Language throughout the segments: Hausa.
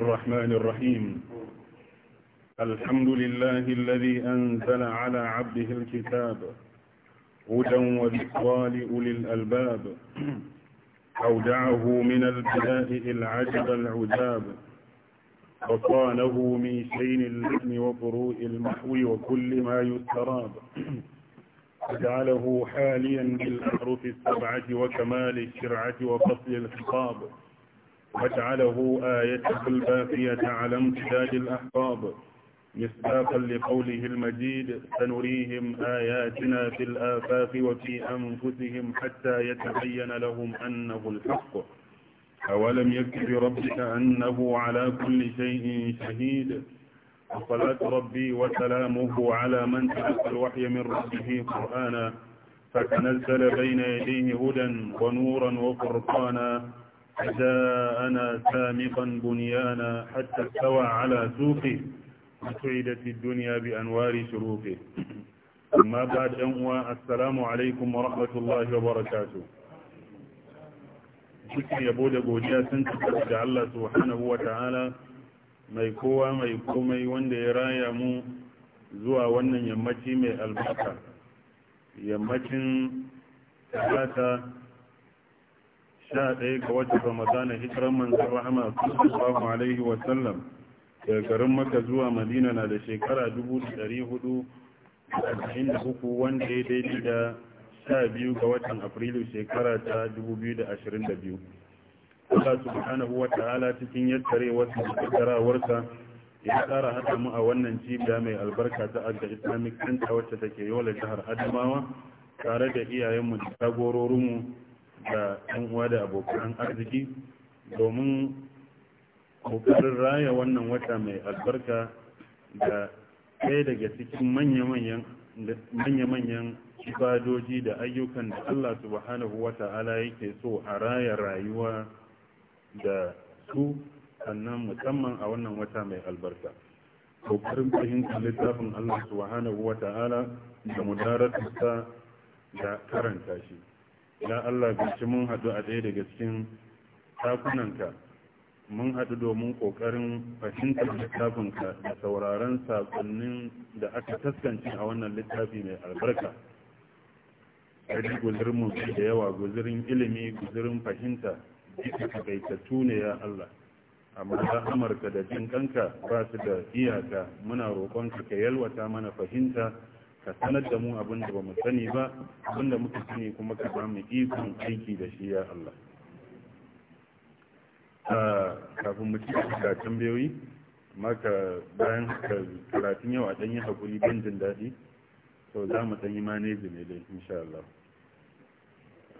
الرحمن الرحيم الحمد لله الذي أنزل على عبده الكتاب هدى وذكرى لأولي الألباب أودعه من البلاء العجب العذاب وصانه من شين اللحم وضروء المحو وكل ما يستراب وجعله حاليا بالأحرف السبعة وكمال الشرعة وفصل الخطاب واجعله آيته الباقية على امتداد الأحقاب مصداقا لقوله المجيد سنريهم آياتنا في الآفاق وفي أنفسهم حتى يتبين لهم أنه الحق أولم يكتب ربك أنه على كل شيء شهيد وصلاة ربي وسلامه على من تلقى الوحي من ربه قرآنا فتنزل بين يديه هدى ونورا وفرقانا جاءنا سامقا بنيانا حتى استوى على سوقه وسعدت الدنيا بأنوار شروقه أما بعد أنواع السلام عليكم ورحمة الله وبركاته cikin yabo da godiya sun cika da Allah subhanahu wa ta'ala mai kowa mai komai wanda ya raya mu zuwa wannan yammaci mai albarka yammacin talata sha ɗaya ga watan ramadana hijiran manzan rahama sallallahu alaihi wa sallam daga garin maka zuwa madina na da shekara 443 wanda ya daidai da sha biyu ga watan afrilu shekara ta 2022 Allah subhanahu wa ta'ala cikin yattare wasu kaddarawarsa ya tsara haɗa mu a wannan cibiya mai albarka ta agga islamic center wacce take yola jihar adamawa tare da iyayenmu da jagororinmu da ɗan uwa da abokan arziki domin ƙoƙarin raya wannan wata mai albarka da ɗaya daga cikin manya-manyan ibadoji da ayyukan da Allah subhanahu wa ta'ala yake so a raya rayuwa da su sannan musamman a wannan wata mai albarka kokarin fahimtar littafin Allah subhanahu wa ta'ala da mudaratarsa da karanta shi ya Allah gashi mun haɗu a ɗaya daga cikin takunanka mun haɗu domin ƙoƙarin fahimtar littafinka da sauraron saƙonnin da aka taskance a wannan littafi mai albarka ɗari guzurinmu da yawa guzurin ilimi guzurin fahimta duka takaitattu ne ya Allah amma ta amurka da jin kanka ba su da iyaka muna roƙonka ka yalwata mana fahimta ka sanar da mu abin da ba mu sani ba abin da muka sani kuma ka ba mu ikon aiki da shi ya Allah ah, kafin mu ci da tambayoyi maka bayan haka karatun yau a ɗan yi hakuri ban jin daɗi to za mu ɗan yi maneji ne dai insha Allah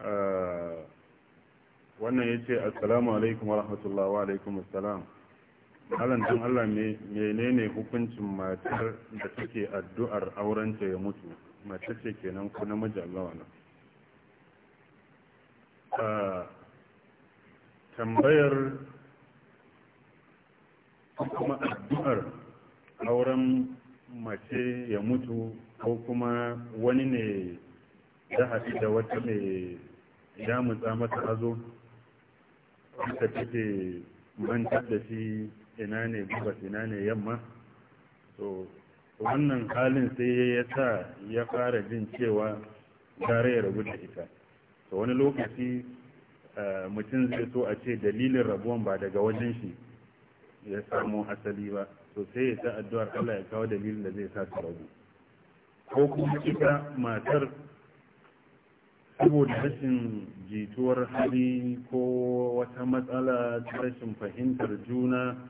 ah, wannan yace ce assalamu alaikum wa rahmatullahi wa alaikum assalam malam Allah menene hukuncin matar da take addu'ar aurenta ya mutu mace ce kenan ko namiji Allah wannan ah, tambayar kuma addu'ar auren mace ya mutu ko kuma wani ne ya haɗi da wata mai damutsa mata hazo ta take mantar da shi ina ne gabas ina ne yamma to wannan halin sai ya sa ya fara jin cewa gare ya rabu da ita to wani lokaci mutum zai so a ce dalilin rabuwan ba daga wajen shi ya samu asali ba to sai ya sa addu'ar Allah ya kawo dalilin da zai sa su rabu ko kuma ita matar saboda rashin jituwar hali ko wata matsala ta rashin fahimtar juna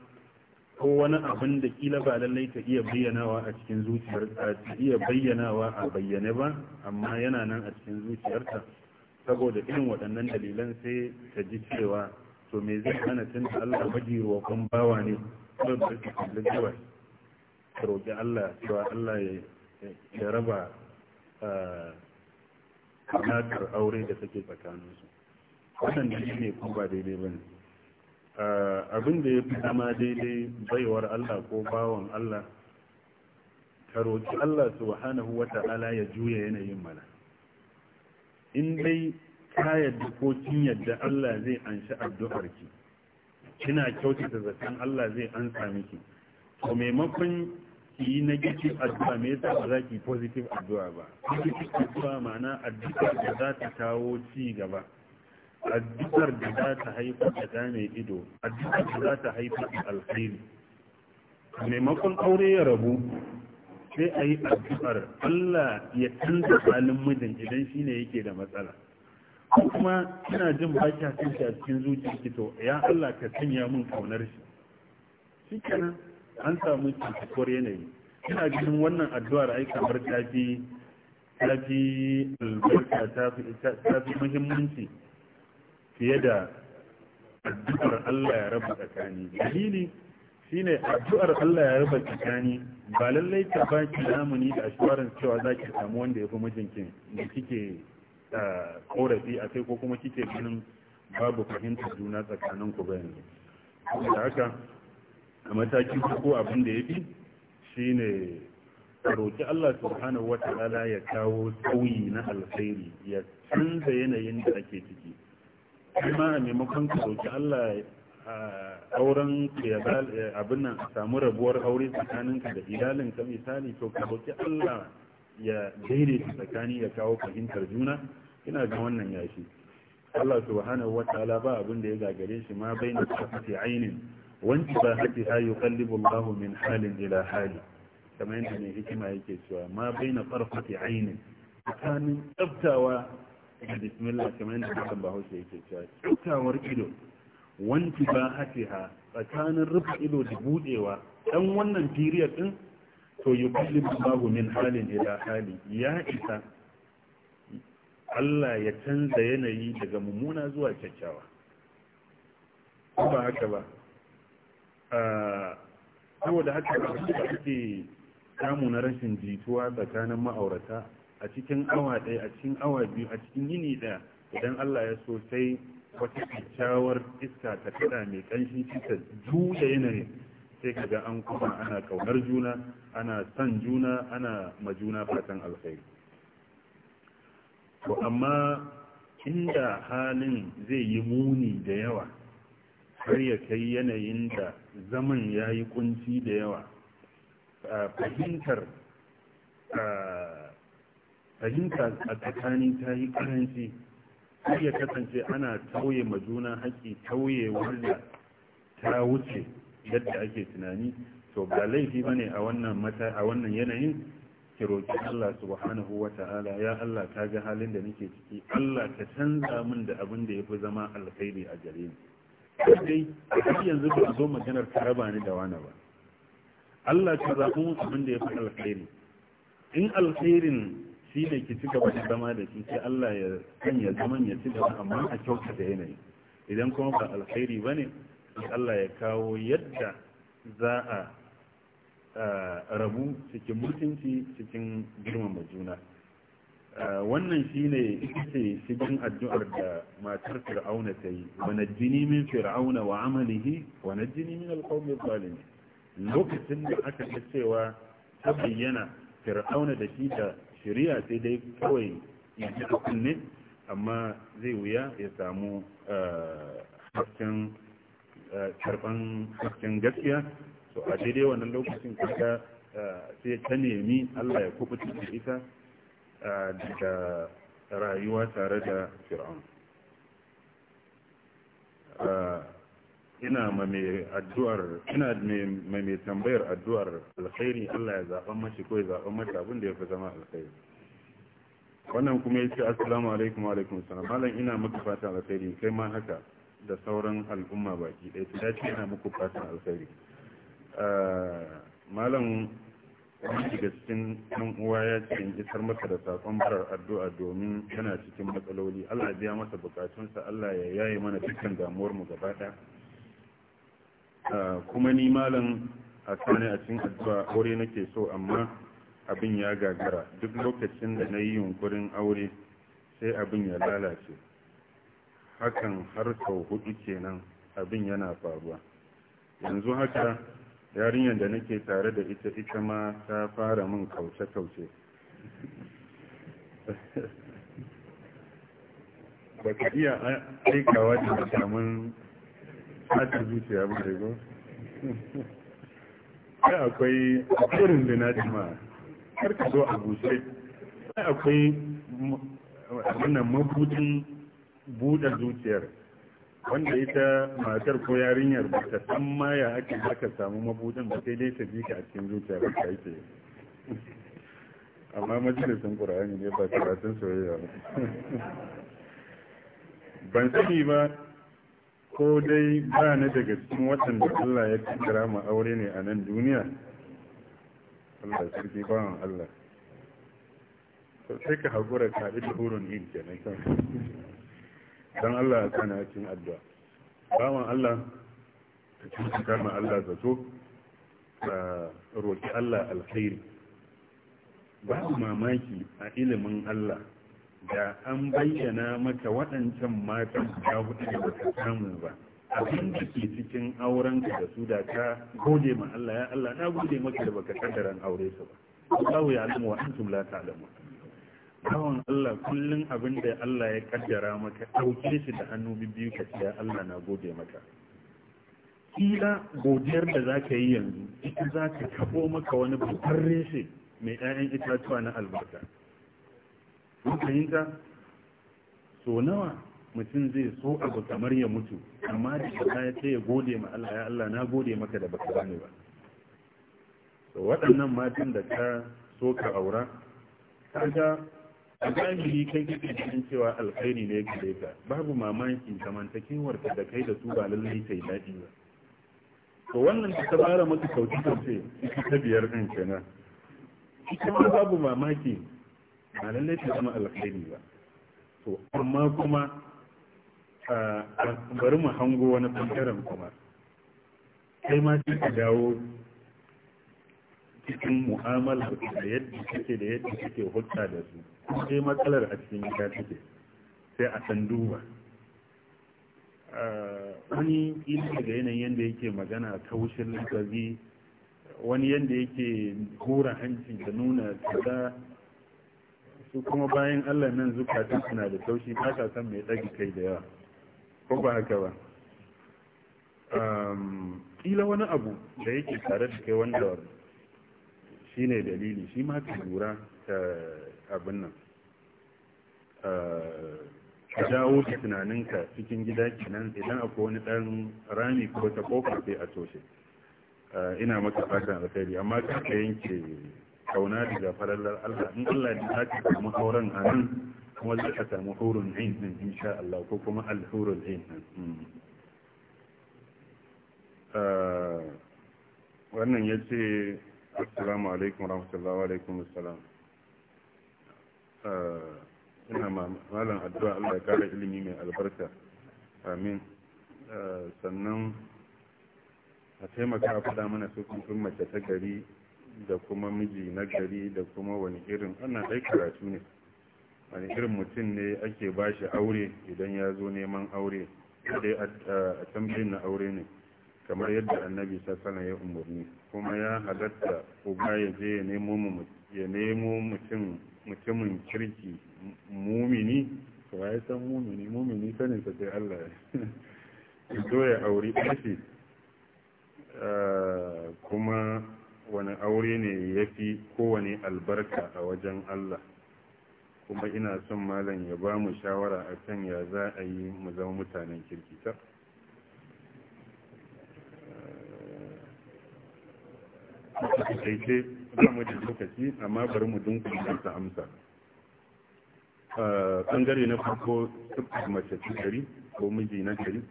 ko wani abin da kila ba lallai ka iya bayyanawa a cikin zuciyarta ka iya bayyanawa a bayyane ba amma yana nan a cikin zuciyarta saboda irin waɗannan dalilan sai ta ji cewa to me zai hana tun da Allah majiruwa kun bawa ne kawai ba su kalli gabas ta roƙi Allah cewa Allah ya raba alaƙar aure da take tsakaninsu wannan ne kuma ba daidai ba ne Eh, abin da ya fi dama daidai baiwar Allah ko bawan Allah ka roƙi Allah subhanahu wa ta'ala ya juya yanayin mana in dai ka yadda ko kin yadda Allah zai anshi addu'arki kina kyautata zaton Allah zai ansa miki to maimakon ki yi negative addu'a me yasa ba za ki positive addu'a ba positive addu'a ma'ana addu'a da za ta kawo ci gaba addu'ar da za ta haifar da gane ido addu'ar da za ta haifar da alkhairi maimakon aure ya rabu sai a yi addu'ar Allah ya canza halin mijin idan shi ne yake da matsala ko kuma ina jin ba kya shi a cikin zuciyarki to ya Allah ka sanya min kaunar shi shikenan an samu cikakkuwar yanayi ina ganin wannan addu'ar ai kamar ta fi albarka ta fi muhimmanci fiye da addu'ar Allah ya raba tsakani dalili shine addu'ar Allah ya raba tsakani ba lallai ta baki lamuni da assurance cewa zaki samu wanda ya fi mijinkin da kike ah, korafi a kai ko kuma kike ganin babu fahimtar juna tsakanin ku ba yanzu da haka a mataki ko abin da ya fi shine roki Allah subhanahu ta'ala ya kawo sauyi na alkhairi ya canza yanayin da ake ciki kuma a maimakon ka roƙi Allah auren abin nan a samu rabuwar aure tsakanin ka da ka misali to ka roƙi Allah ya daidaita tsakani ya kawo fahimtar juna ina ga wannan yashi Allah subhanahu ta'ala ba abin da ya gagare shi ma baina tafati ainin wanti ba hati ha yuqallibu Allah min halin ila hali kamar yadda mai hikima yake cewa ma baina farfati ainin tsakanin tsaftawa da bismillah kamar yadda hakan bahaushe yake cewa ido wanti ba ha tsakanin rufe ido da budewa dan wannan period din to yuqallibu babu min halin ila hali ya isa Allah ya canza yanayi daga mummuna zuwa kyakkyawa ba haka ba saboda haka da ake samu na rashin jituwa tsakanin ma'aurata a cikin awa ɗaya a cikin awa biyu a cikin yini ɗaya idan Allah ya so sai wata kyakkyawar iska ta kaɗa mai ƙanshi ta juya yanayin sai ka ga an kuma ana ƙaunar juna ana son juna ana ma juna fatan alkhairi to amma inda halin zai yi muni da yawa har ya kai yanayin da zaman ya yi kunci da yawa fahimtar fahimta a tsakanin ta yi karanci har ya kasance ana tauye ma juna haƙƙi tauye wanda ta wuce yadda ake tunani to ba laifi ba ne a wannan yanayin ki roƙi Allah subhanahu wa ta'ala ya Allah ta ga halin da nake ciki Allah ka canza min da abin da ya fi zama alkhairi a gare ni dai har yanzu ba zo maganar ka raba ni da wani ba Allah ka zaɓi mu abin da ya fi alkhairi in alkhairin shi ne ki ci gaba da zama da shi sai Allah ya sanya zaman ya ci gaba amma a da yanayi idan kuma ba alkhairi ba ne Allah ya kawo yadda za a rabu cikin mutunci cikin girmama juna wannan shine ne ita cikin addu'ar da matar fir'auna ta yi wa jini min fir'auna wa amalihi wa jini min alqawmi zalim lokacin da aka ga cewa ta bayyana fir'auna da shi da shari'a sai dai kawai ya ji kunne amma zai wuya ya samu eh, hasken eh, karban hasken gaskiya so a daidai wannan lokacin kaka eh, sai ta nemi Allah ya kubuta da ita daga rayuwa tare da fir'aun ina ma mai mai tambayar addu'ar alkhairi Allah ya zaɓa mashi ko ya zaɓan mata abin da ya fi zama alkhairi wannan kuma ya ce assalamu alaikum wa alaikum salam malam ina muku fatan alkhairi kai ma haka da sauran al'umma baki ɗaya ta ce ina muku fatan alkhairi ah, malam wani daga cikin ɗan uwa ya ce in isar masa da saƙon barar addu'a domin yana cikin matsaloli Allah ya biya masa buƙatunsa. Allah ya yaye mana dukkan damuwar mu gaba ɗaya kuma ni malam a sani a cikin addu'a aure nake so amma abin ya gagara duk lokacin da na yi yunkurin aure sai abin ya lalace hakan har sau hudu kenan abin yana faruwa yanzu haka yarinyar da nake tare da ita ita ma ta fara min kauce-kauce ba ka iya aikawa da samun hata zuciya ba da sai akwai irin da na jama'a kar ka zo a bushe sai akwai wannan mabutin buɗe zuciyar wanda ita matar ko yarinyar ba ta san ma ya ake za ka samu mabutin ba sai dai ta ji ka a cikin zuciya ba ka yake amma majalisun ƙura'ani ne ba karatun soyayya ban sani ba ko dai ba ni daga cikin waɗanda Allah ya kaddara mu aure ne a nan duniya Allah sarki bawan Allah to sai ka haƙura ka da hurun yin kenan kan dan Allah ya kana cikin addu'a bawan Allah ka cikin kama Allah zato ka roki Allah alkhairi babu mamaki a ilimin Allah da an bayyana maka waɗancan matan guda hudu da baka samu ba abin da ke cikin aurenka da su da ka gode ma Allah ya Allah na gode maka da baka kaddaran aure su ba Allah ya alimu wa antum la ta'lamu bawan Allah kullun abin da Allah ya kaddara maka dauke shi da hannu biyu ka ce Allah na gode maka kila godiyar da zaka yi yanzu ita zaka kabo maka wani babban reshe mai 'ya'yan itatuwa na albarka kun fahimta so nawa mutum zai so abu kamar ya mutu amma da ta ya ce ya gode ma Allah ya Allah na gode maka da baka bani ba so waɗannan matan da ka so ka aura kaga a zahiri kai kake cikin cewa alkhairi ne gare ka babu mamaki zamantakewar ka da kai da su ba lallai kai daɗi ba to wannan da ta fara maka kauci kauce ita ta biyar ɗin kenan ita ma babu mamaki ba lallai ta zama alkhairi ba to amma kuma bari mu hango wani bangaren kuma kai ma sai ka dawo cikin mu'amala da yadda kake da yadda kake hulɗa da su sai matsalar a cikin gida take sai a san duba wani ina daga yanayin yadda yake magana kaushin lantarki wani yadda yake hura hancin da nuna kaza su kuma bayan Allah nan zukatan suna da taushi ba san mai ɗagi kai da yawa ko ba haka ba kila wani abu da yake tare da kai wanda shi ne dalili shi ma ka lura ta abin nan ka dawo da tunaninka cikin gida kenan idan akwai wani ɗan rami ko ta kofar sai a toshe ina maka fatan alkhairi amma ka yanke kauna daga farallar Allah in Allah ya haka samu auren a nan kuma za ka samu hurun ain din insha Allah ko kuma al-hurul ain hmm. ah, wannan ya ce assalamu alaikum rahmatullahi wa alaikum assalam ah, ina ma malam addu'a Allah ya kara ilimi mai albarka amin ah, sannan a taimaka faɗa mana sukun mace ta gari da kuma miji na gari da kuma wani irin wannan dai karatu ne wani irin mutum ne ake ba shi aure idan ya zo neman aure dai a tambayin na aure ne kamar yadda annabi sassana ya umarni kuma ya halatta uba ya je ya nemo mutumin kirki mumini to ya san mumini mumini sai allah ya zo ya auri ɗashi ah, kuma wani aure ne ya fi kowane albarka a wajen Allah kuma ina son malam ya ba mu shawara a kan ya za a yi mu zama mutanen kirkita kaice ba mu da lokaci amma bari mu dunkule ta amsa ɓangare na farko tukkar mace gari ko miji na gari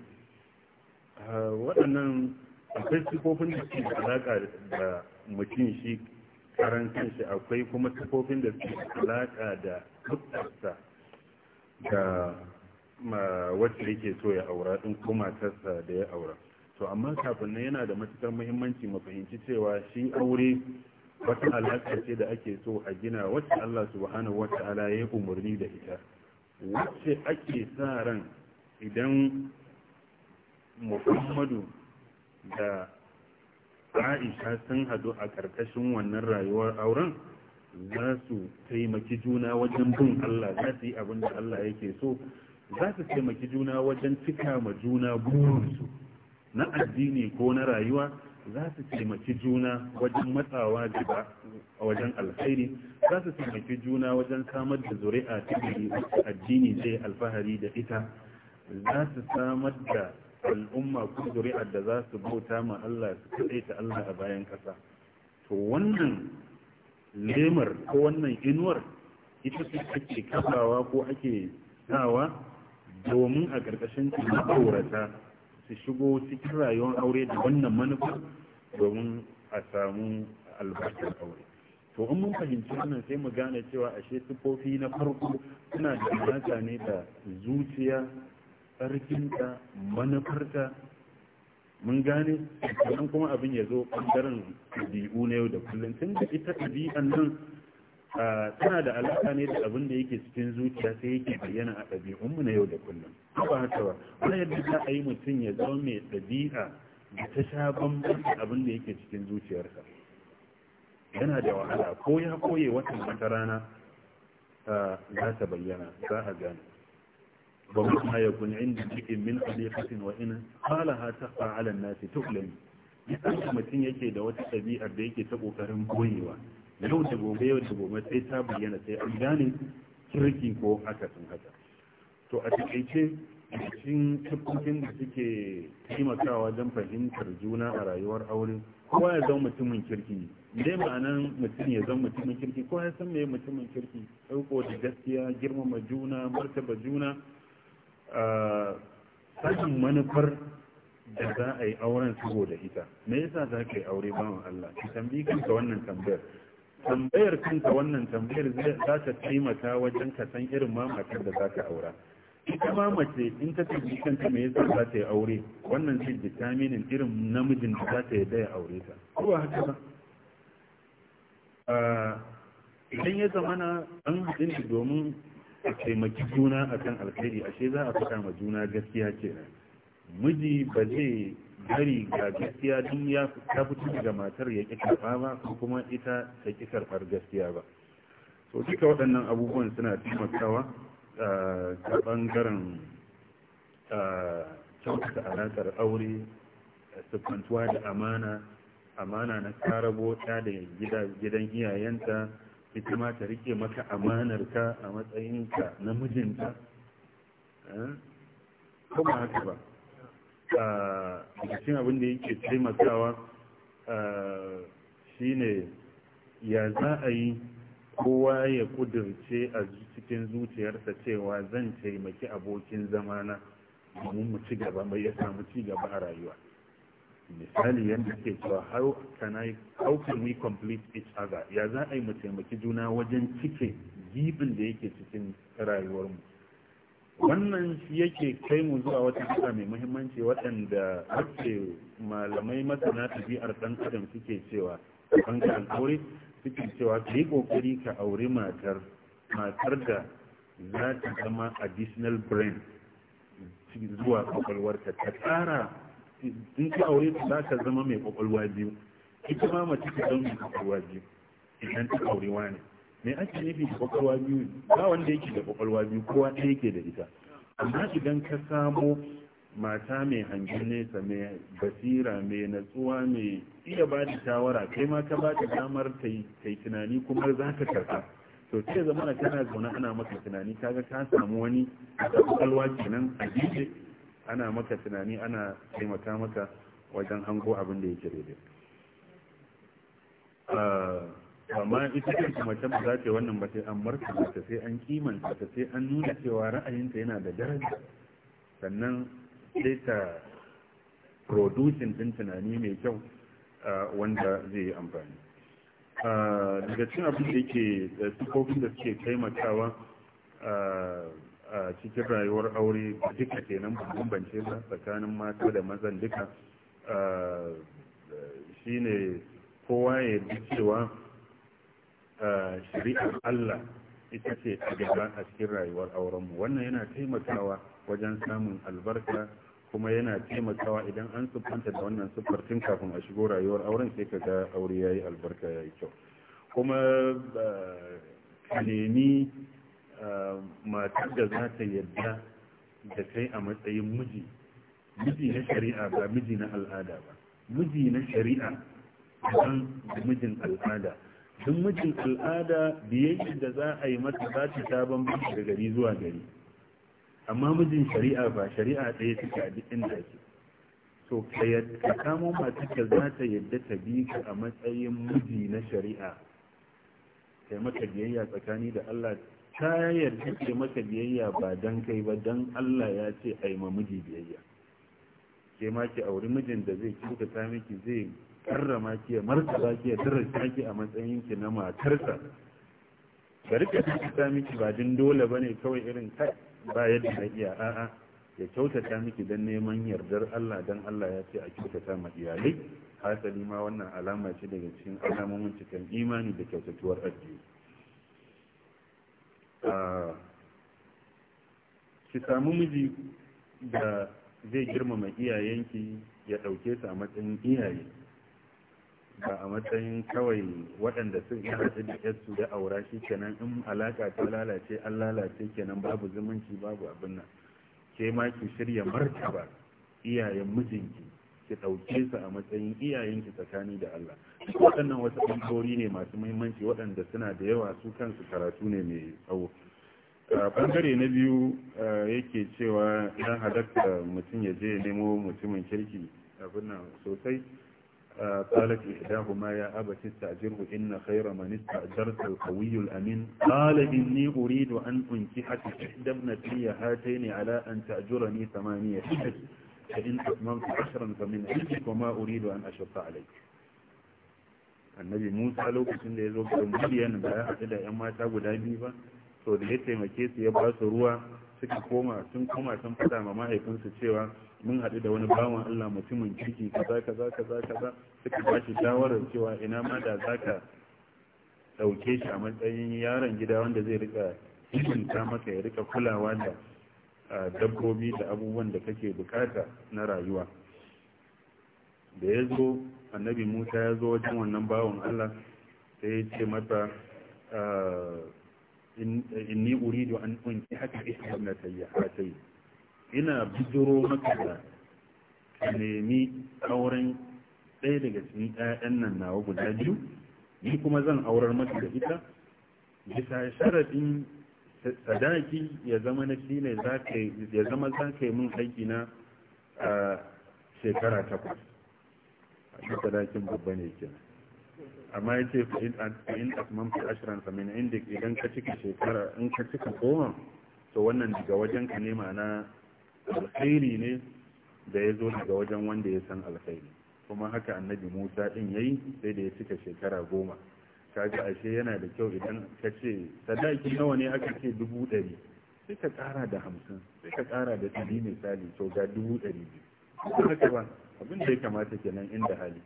waɗannan akwai sifofin da ke alaƙa da mutum shi karan kanshi akwai kuma sifofin da suke alaka da mutarsa da wacce yake so ya aura ɗin ko matarsa da ya aura to amma kafin nan yana da matukar muhimmanci mu fahimci cewa shi aure wata alaƙa ce da ake so a gina wacce Allah subhanahu ala ya yi umarni da ita wacce ake sa ran idan muhammadu da aisha sun hadu a ƙarƙashin wannan rayuwar auren za su taimaki juna wajen bin Allah za su yi abin da Allah yake so za su taimaki juna wajen cika ma juna burinsu na addini ko na rayuwa za su taimaki juna wajen matsawa gaba a wajen alkhairi za su taimaki juna wajen samar da zuri'a ta addini zai alfahari da ita za su samar da al'umma ko zuri'ar da za su bauta ma Allah su kaɗaita Allah a bayan ƙasa to wannan lemar ko wannan inuwar ita ce ake kafawa ko ake sawa domin a ƙarƙashin ma'aurata su shigo cikin rayuwar aure da wannan manufa domin a samu albarkar aure to in mun fahimci wannan sai mu gane cewa ashe tufofi na farko suna da alaƙa ne da zuciya tsarkinka manufarka mun gane sannan kuma abin ya zo ɓangaren ɗabi'u na yau da kullum tun da ita ɗabi'an nan tana da alaƙa ne da abin da yake cikin zuciya sai yake bayyana a ɗabi'unmu na yau da kullum ko ba haka ba wani yadda za a yi mutum ya zama mai ɗabi'a da ta sha bambam abin da yake cikin zuciyarsa yana da wahala ko ya koye watan wata rana za ta bayyana za a gane ومهما يكون عند شيء من خليقة وإن قالها تقع على الناس تؤلم يتعلم متين يكي دوات السبيع بيكي تبو كرم قويوة لو تبو بيو تبو sai an gane kirki ko sun haka to a takaice cikin tukukin da suke taimakawa don fahimtar juna a rayuwar aure kowa ya zama mutumin kirki dai ma'anan mutum ya zama mutumin kirki kowa ya san me mutumin kirki ɗauko da gaskiya girmama juna martaba juna sakin manufar da za a yi auren saboda ita me yasa za ka yi aure ba Allah ki tambayi kanka wannan tambayar tambayar kanka wannan tambayar za ta taimaka wajen ka san irin mamatar da za ka aura ita ma mace in ta tafi kanta me yasa za ta yi aure wannan zai determinin irin namijin da za ta yi daya aure ta ko ba haka ba idan ya zamana an haɗin domin a taimaki juna a kan alkhairi ashe za a faɗa ma juna gaskiya kenan miji ba zai gari ga gaskiya din ya ta fito daga matar ya ƙi karɓa ba ko kuma ita ta ƙi karɓar gaskiya ba so duka waɗannan abubuwan suna taimakawa ta ɓangaren kyautata alaƙar aure siffantuwa da amana amana na karabo ta da gidan iyayenta ita ma ta rike maka amanarka a matsayinka na mijinta eh? kuma haka ba ah, a cikin abin da yake taimakawa ah, shine ya za a yi kowa ya kudurce a cikin zuciyarsa cewa zan taimaki abokin zamana domin mu ci gaba mai ya samu ci gaba a rayuwa misali yadda ke cewa how can I we complete each other ya za a yi mu taimaki juna wajen cike gibin da yake cikin rayuwarmu wannan shi yake kai mu zuwa wata kisa mai muhimmanci waɗanda wacce malamai masana ɗabi'ar ɗan adam suke cewa bangaren aure suke cewa ka yi ƙoƙari ka aure matar matar da za ta zama additional brain zuwa kwakwalwarta ta tsara in ji aure ta za ka zama mai kwakwalwa biyu ita ma mace ta zama mai kwakwalwa biyu idan ta aure wani me ake nufi da kwakwalwa biyu ba wanda yake da kwakwalwa biyu kowa ɗaya yake da ita amma idan ka samo mata mai hangen nesa mai basira mai natsuwa mai iya ba da shawara kai ma ka ba ta damar ta yi tunani kuma za ka karɓa to ce zama tana zaune ana maka tunani kaga ka samu wani a kwakwalwa kenan a gefe ana maka tunani ana taimaka maka wajen hango abin da yake daidai ah, amma ita kanta mace ba za ta wannan ba sai an marka ta sai an kimanta ta sai an nuna cewa ra'ayinta yana da daraja sannan sai ta producing din tunani mai kyau ah, wanda zai yi amfani ah, daga cin abin da yake da suke taimakawa a cikin rayuwar aure duka kenan bambance ba tsakanin mata da mazan duka shine kowa ya yi cewa shari'ar Allah ita ce a gaba a cikin rayuwar aurenmu wannan yana taimakawa wajen samun albarka kuma yana taimakawa idan an siffanta da wannan siffartin kafin a shigo rayuwar auren sai ka ga aure ya yi albarka ya yi kyau kuma ka nemi matar da za ta yarda da kai a matsayin miji miji na shari'a ba miji na al'ada ba miji na shari'a daban mijin al'ada duk mijin al'ada biyayyar da za a yi mata za ta ta bambanta da gari zuwa gari amma mijin shari'a ba shari'a ɗaya take a duk inda ake so ka kamo matarka za ta yadda ta bi ka a matsayin miji na shari'a kai mata biyayya tsakani da Allah ta yarda ke maka biyayya ba dan kai ba dan Allah ya ce ai ma miji biyayya ke ma ki auri mijin da zai kyautata miki zai karrama ki ya martaba ki ya tarrasa ki a matsayin ki na matarsa bari ka ta miki ba din dole bane kawai irin kai ba yadda na iya a'a ya kyautata miki dan neman yardar Allah dan Allah ya ce a kyautata ma iyalai hasali ma wannan alama ce daga cikin alamomin cikin imani da kyautatuwar addini ki samu miji da zai girmama iyayenki ya dauke su a matsayin iyaye ba a matsayin kawai waɗanda sun yi haɗu da yarsu da aura shi kenan in alaka ta lalace an lalace kenan babu zumunci babu abin nan ke ma ki shirya martaba iyayen mijinki ki ɗauke su a matsayin iyayenki tsakani da Allah waɗannan wasu ɓangarori ne masu muhimmanci waɗanda suna da yawa su kansu karatu ne mai tsawo ɓangare na biyu yake cewa ya halatta mutum ya je nemo mutumin kirki abin nan sosai قالت إحداهما يا أبت استأجره إن خير من استأجرت القوي الأمين قال إني أريد أن أنكحك إحدى ابنتي هاتين على أن تأجرني ثمانية حجج فإن أتممت عشرا فمن عندك وما أريد أن أشق عليك annabi musa lokacin da ya zo ga miliyan da ya haɗu da yan mata guda biyu ba to da ya taimake su ya ba su ruwa suka koma sun koma sun faɗa ma mahaifinsu cewa mun haɗu da wani bawan allah mutumin kirki kaza kaza kaza kaza suka ba shi shawarar cewa ina ma da zaka ɗauke shi a matsayin yaron gida wanda zai rika hidinta maka ya rika kulawa da dabbobi da abubuwan da kake bukata na rayuwa da ya zo annabi musa ya zo wajen wannan bawan allah sai ya ce mata ah, inni uridu an unki haka ihsan sayyi'atay ina bidiro maka da ka nemi auren ɗaya daga cikin ƴaƴan nan nawa guda biyu ni kuma zan aurar maka da ita bisa sharadin sadaki ya zama na shine ya zama za ka yi min aiki na ah, shekara takwas shi babba ne kenan amma ya ce fa'in fi ashirin samin inda idan ka cika shekara in ka cika goma to wannan daga wajen ka ne mana alkhairi ne da ya zo daga wajen wanda ya san alkhairi kuma haka annabi musa din ya yi sai da ya cika shekara goma kaga ashe yana da kyau idan ka ce sadaki nawa ne aka ce dubu ɗari sai ka ƙara da hamsin sai ka ƙara da ɗari misali to ga dubu ɗari biyu haka ba abin da ya kamata kenan inda hali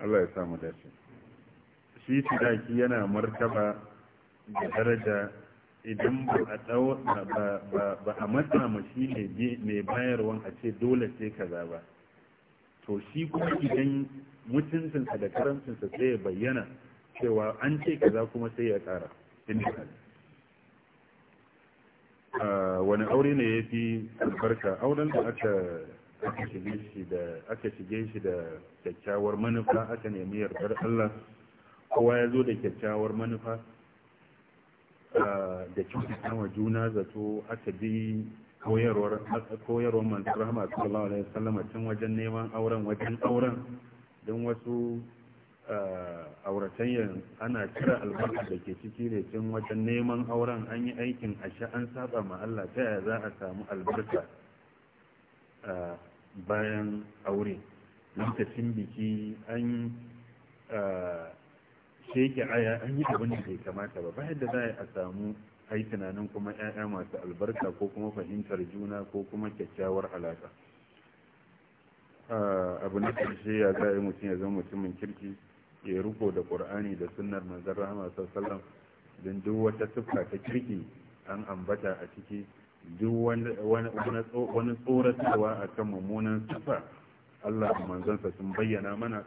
Allah ya samu dace shi tsidaki yana martaba da daraja idan ba a matsa shi ne mai bayarwan a ce dole sai kaza ba to shi kuma idan mutuncinsa da karancinsa sai ya bayyana cewa an ce kaza kuma sai ya kara ah, wani aure ne ya fi albarka auren da aka aka shige shi da kyakkyawar manufa aka nemi yardar Allah kowa ya zo da kyakkyawar manufa da kyautata wa juna zato aka bi koyarwar manzan rahama sallallahu alaihi wasallam tun wajen neman auren wajen auren don wasu auratayyar ana cire albarka da ke ciki ne tun wajen neman auren an yi aikin ashe an saba ma Allah ta yaya za a samu albarka bayan aure lokacin biki an sheke aya an yi abin da bai kamata ba bayan da za a samu ai tunanin kuma 'ya'ya masu albarka ko kuma fahimtar juna ko kuma kyakkyawar alaƙa abu na ƙarshe ya za a yi mutum ya zama mutumin kirki ya riko da ƙur'ani da sunnar manzon rahama sallallahu don duk wata siffa ta kirki an ambata a ciki duk wani tsoratarwa a kan mummunan sifa Allah da manzansa sun bayyana mana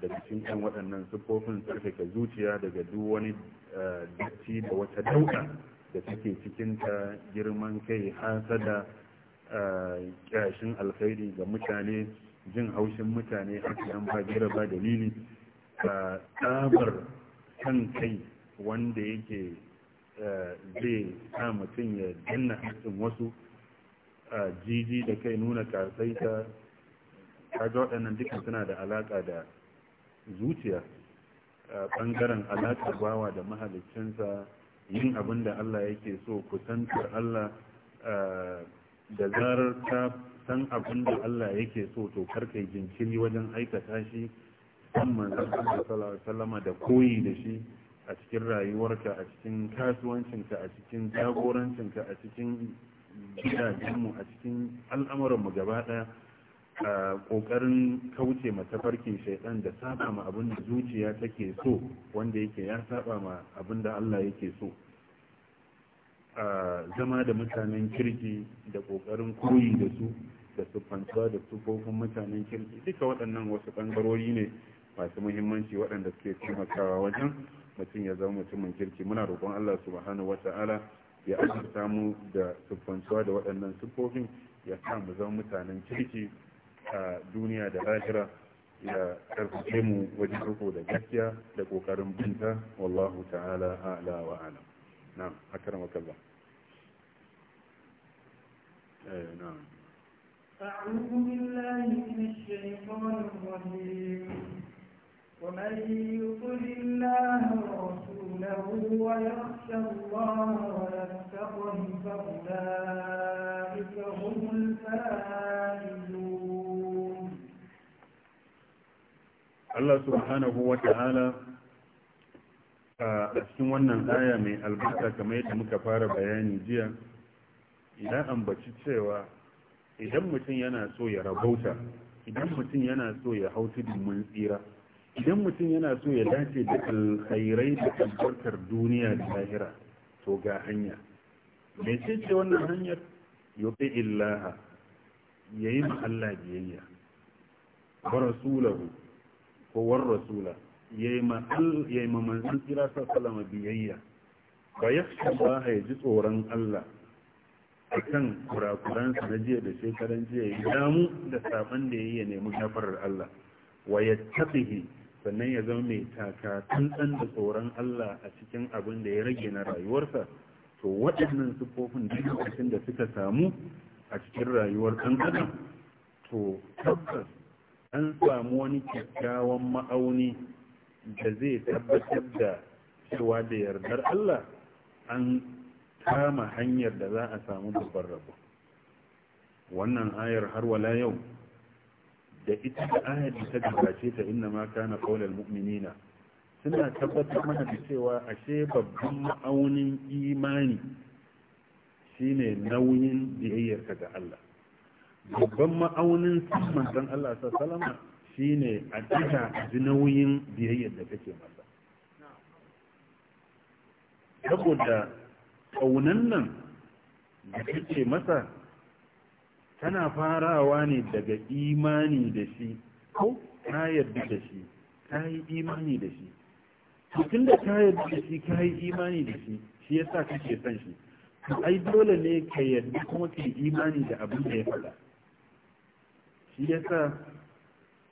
da cikin waɗannan siffofin ka zuciya daga duk wani datti da wata dauka da take cikinta girman kai hasada kyashin alkhairi ga mutane jin haushin mutane hakan ba gira ba dalili tsabar kan kai wanda yake Eh, zai sa mutum ya danna haƙƙin wasu jiji da kai nuna ta kaga waɗannan duka suna da alaƙa da zuciya ɓangaren alaƙa bawa da mahalicinsa yin abin da Allah yake so kusantar Allah da zarar ta san abin da Allah yake so to karkai jinkiri wajen aikata shi san manzan Allah sallama da koyi da shi a cikin rayuwarka a cikin kasuwancinka a cikin jagorancinka a cikin gidajenmu a cikin al'amuranmu gaba ɗaya a ƙoƙarin kauce matafarkin shaiɗan da saba ma abin da zuciya take so wanda yake ya saba ma abin da Allah yake so a zama da mutanen kirki da ƙoƙarin koyi da su da siffantuwa da kofin mutanen kirki duka waɗannan wasu ɓangarori ne masu muhimmanci waɗanda suke taimakawa wajen mutum ya zama mutumin kirki muna roƙon Allah subhanahu wata'ala ya azurta mu da siffantuwa da waɗannan siffofin ya sa mu zama mutanen kirki a duniya da lahira ya karfafe mu waje riko da gaskiya da ƙoƙarin binta wallahu ta'ala a'la wa alam na'am akramaka Allah eh na'am أعوذ بالله من الشيطان ومن يطل الله ورسوله ويخشى الله ويتقه فأولئك هم الفائزون الله سبحانه وتعالى a cikin wannan aya mai albarka kamar yadda muka fara bayani jiya ya ambaci cewa idan mutum yana so ya rabauta idan mutum yana so ya hau tudun tsira idan mutum yana so ya dace da alkhairai da albarkar duniya da lahira to ga hanya mai ce ce wannan hanyar yuti illaha ya yi Allah biyayya wa rasulahu ko war rasula ya yi yayi ma sa salama biyayya ba fi Allah ya ji tsoron Allah akan kurakuransa na jiya da shekaran jiya ya damu da saman da ya yi ya nemi gafarar Allah wa ya tafihi? sannan ya zama mai taka tsantsan da tsoron Allah a cikin abin da ya rage na rayuwarsa to waɗannan siffofin duk da suka samu a cikin rayuwar ɗan adam to tabbas an samu wani kyakkyawan ma'auni da zai tabbatar da cewa da yardar Allah an kama hanyar da za a samu babban rabo wannan ayar harwala yau da ita da ayar da ta dace ta inna ma kana qaulal mu'minina suna tabbatar mana da cewa ashe babban ma'aunin imani shine nauyin biyayyarka ga Allah babban ma'aunin manzon Allah wasallam shine a nauyin biyayyar da kake masa saboda kaunan nan da kake masa tana farawa ne daga imani da shi ko ka yarda da shi ka yi imani da shi tun da ka yarda da shi ka yi imani da shi shi ya sa kake san shi ai dole ne ka yarda kuma ka yi imani da abin da ya faɗa shi ya sa